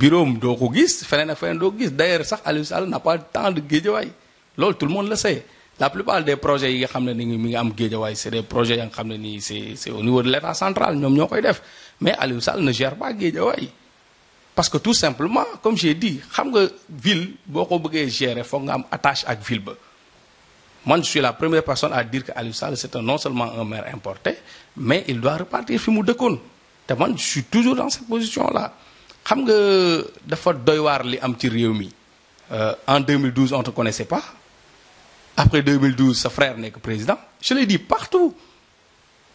bureau de ko gis feneen ak feneen d'ailleurs ça, Aliou n'a pas temps de géejawaay tout le monde le sait la plupart des projets qui sont c'est des projets au niveau de l'état central mais Aliou Sall ne gère pas géejawaay parce que tout simplement comme j'ai dit xam nga ville beaucoup ko gère, gérer faut nga am attache ville Moi, je suis la première personne à dire que Aliou Sall c'est non seulement un maire importé mais il doit repartir je suis toujours dans cette position là xam nga dafa doy war li am ci réew euh, en 2012 on ne te connaissait pas après 2012 sa frère n'est que président je l'ai dit partout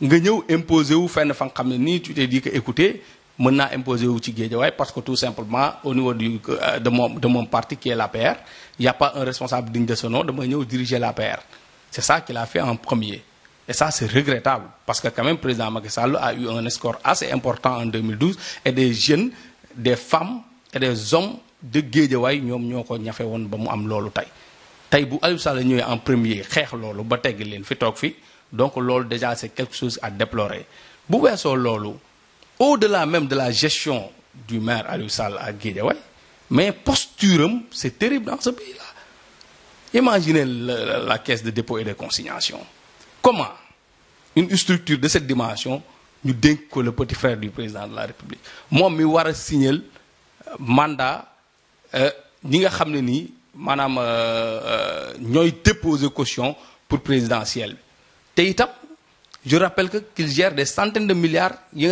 nga ñëw imposer fenn fa xam tu t'es dit que écoutez mën naa imposer ci parce que tout simplement au niveau euh, de mon parti qui est l'APR n'y a pas un responsable digne de ce nom de ñëw diriger l'APR c'est ça qu'il a fait en premier Et ça, c'est regrettable, parce que quand même, le président Macky Sall a eu un score assez important en 2012 et des jeunes des femmes et des hommes de Guédiaway ñom ñoko ñafé won ba mu am lolu tay tay bu Aliou Sall en premier ba leen fi fi donc lolu déjà c'est quelque chose à déplorer bu wesso lolu au-delà même de la gestion du maire Aliou Sall à Guédiaway mais posture c'est terrible dans ce pays-là imaginez la caisse de dépôt et de consignation comment une structure de cette dimension nous sommes le petit frère du président de la république Moi, je signal mandat euh, ñi nga xam ni, euh, euh déposer caution pour présidentielle je rappelle que qu'il gère des centaines de milliards yi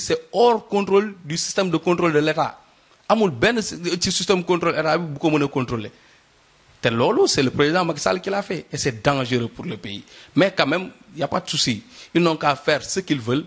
c'est hors contrôle du système de contrôle de l'État amul ben ci système contrôle État bi bu ko c'est le président Macky qui l'a fait et c'est dangereux pour le pays mais quand même il n'y a pas de souci ils n'ont qu'à faire ce qu'ils veulent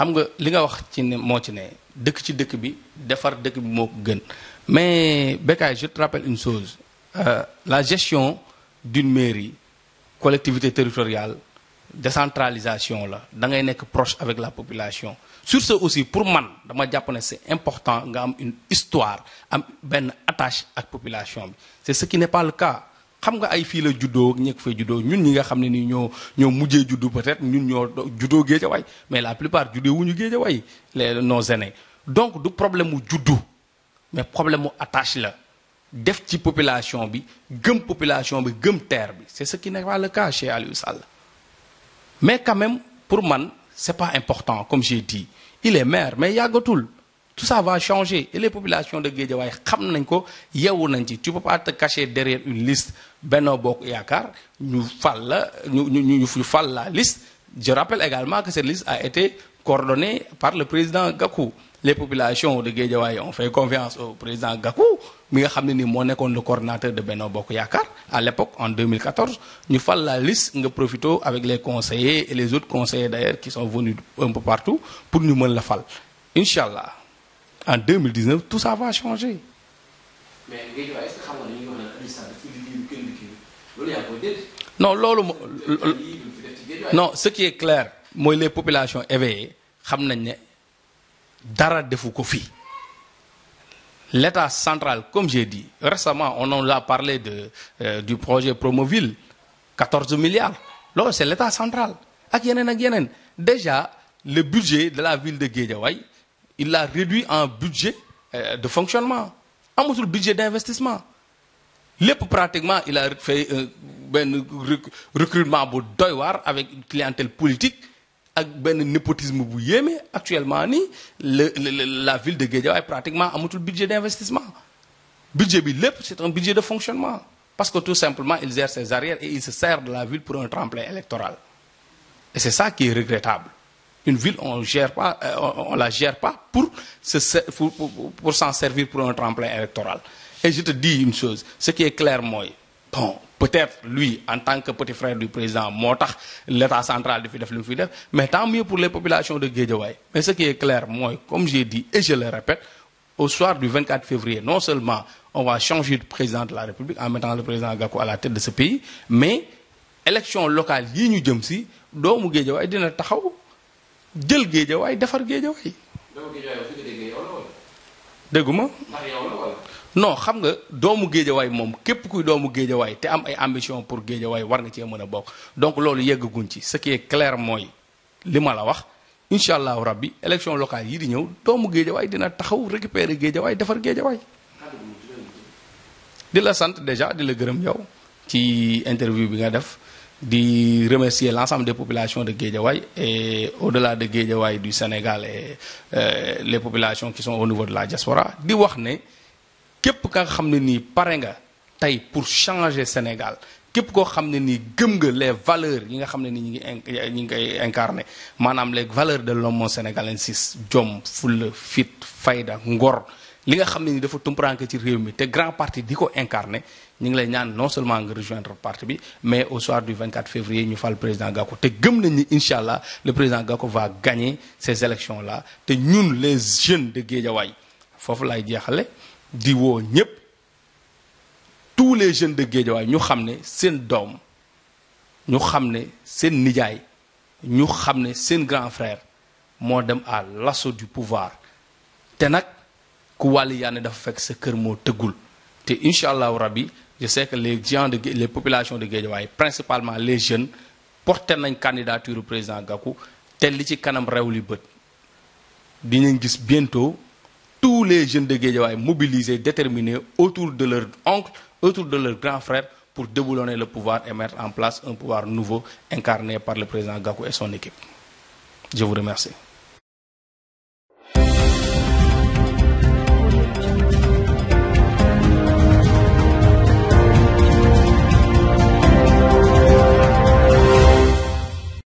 xam nga mais je te rappelle une chose euh, la gestion d'une mairie collectivité territoriale décentralisation la da ngay proche avec la population sur ce aussi pour moi, dama c'est important nga une histoire am benn attache la population c'est ce qui n'est pas le cas xam nga ay fii la juddoo ñek fay juddoo ñun ñi nga xam ne nii ñoo ñoo mujjee juddu peut-être ñun ñoo juddoo way mais la plupart juddoo wuñu way les nos aînés donc du problème mu judo, mais problème mu attache la def ci population bi gëm population bi gëm terre bi c'est ce qui n'est pas le cas chez Aliou Sall mais quand même pour man c'est pas important comme j'ai dit il est maire mais yàggatul tout ça va changer et les populations de Guédiawaye tu nañ peux pas te cacher derrière une liste Beno Bok Yakar. Nous la la liste je rappelle également que cette liste a été coordonnée par le président Gakou les populations de Guédiawaye ont fait confiance au président Gakou Mais nous xam ni sommes le coordinateur de Benno Bok Yakar. à l'époque en 2014 nous fall la liste Nous profitons avec les conseillers et les autres conseillers d'ailleurs qui sont venus un peu partout pour nous mën la fal Inch'Allah en 2019 tout ça va changer. mais Guédiawaye est-ce que vous avez non ce qui est clair moi les populations éveillées xam l'état central comme j'ai dit récemment on en a parlé de euh, du projet Promoville 14 milliards Là, c'est l'état central déjà le budget de la ville de Guédiawaye il l'a réduit en budget euh, de fonctionnement un budget d'investissement L'EP pratiquement il a fait un euh, recrutement bu Doywar avec une clientèle politique un un népotisme bu mais actuellement la ville de est pratiquement un budget d'investissement budget de c'est un budget de fonctionnement parce que tout simplement il gère ses arrières et il se sert de la ville pour un tremplin électoral et c'est ça qui est regrettable une ville, on ne euh, la gère pas pour s'en pour, servir pour un tremplin électoral. Et je te dis une chose, ce qui est clair, moi, bon, peut-être lui, en tant que petit frère du président, Motar, l'État central de FIDEF, le mais tant mieux pour les populations de Guédiouaï. Mais ce qui est clair, moi, comme j'ai dit et je le répète, au soir du 24 février, non seulement on va changer de président de la République en mettant le président Gakou à la tête de ce pays, mais élection locale, il y a une doomu Guédiawaye jël géejawaay defar géejawaay. dégguma non xam nga doomu géejawaay moom képp kuy doomu géejawaay te am ay ambition pour géejawaay war nga cee mën a bokk donc loolu yeggaguñ ci ce qui est mooy li ma la wax incha allahu rabbi élection locale yi di ñëw doomu géejawaay dina taxaw récupérer géejawaay defar géejawaay. di la sant déjà di la gërëm yow ci interview bi nga def. di remercier l'ensemble des populations de Guédiawaï et au-delà de Guédiawaï du Sénégal et euh, les populations qui sont au niveau de la diaspora di wax que képp ka nga xam ne nii pour changer Sénégal Qui koo xam ne gëm les valeurs yi nga xam incarnées les valeurs de l'homme sénégalais c'est jom fulla fit fayda ngor li nga xam ne ni dafa tumpuranke ci réew mi te grand parti di ko incarné ñu ngi lay ñaan non seulement nga rejoindre parti bi mais au soir du 24 février ñu fal président Gakou te gëm nañ ni le président Gakou va gagner ces élections là te ñun les jeunes de Guédiaway fofu lay jéxalé di wo ñëpp tous les jeunes de Guédiaway ñu xam ne seen doom ñu xam ne seen nijaay ñu xam ne seen grand frère moo dem à l'assaut du pouvoir te nag je sais que les gens de les populations de Guédiawaye principalement les jeunes portent une candidature au président Gakou tel li bientôt tous les jeunes de Guédiawaye mobilisés déterminés autour de leur oncle autour de leur grand frère pour déboulonner le pouvoir et mettre en place un pouvoir nouveau incarné par le président Gakou et son équipe je vous remercie